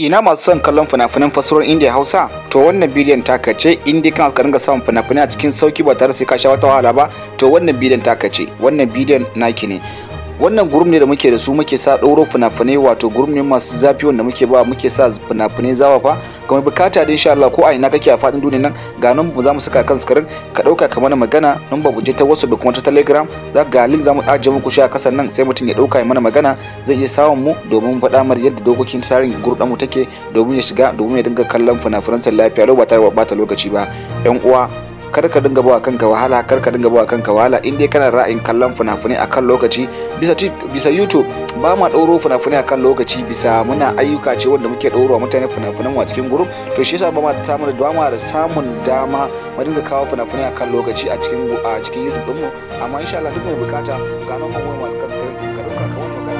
ina masu son kallon fina-finan fasarar indiya hausa to wannan bidiyon taka ce indiya kan ka samun fina-finai a cikin sauki ba tare sai ka sha wata wahala ba to wannan bidiyon taka ce wannan bidiyon naki ne wannan gurum ne da muke da su muke sa ɗauro fina-finai wato gurum ne masu zafi wanda muke ba muke sa fina-finai fa? ga mai bukata da insha Allah ko a ina kake a fadin duniya nan ga nan mu za mu saka kan skarin ka dauka ka mana magana nan ba je ta wasu da kuma ta Telegram za ga link za mu aje muku shi a kasan nan sai mutum ya dauka ya mana magana zai iya samun mu domin faɗa mar yadda dokokin tsarin gurdan mu take domin ya shiga domin ya dinga kallon fina lafiya lau ba ta ba bata lokaci ba yan uwa kar ka dinga bawa kanka wahala kar ka dinga bawa kanka wahala in dai kana ra'ayin kallon fina-finai akan lokaci bisa bisa YouTube ba ma dauro fina-finai akan lokaci bisa muna ayyuka ce wanda muke ɗaurowa mutane fina-finan a cikin group to shi yasa ba ma da dama da samun dama mu dinga kawo fina-finai akan lokaci a cikin a cikin YouTube mu amma insha Allah duk mai bukata ga nan kuma masu kaskarin ka ka kawai magana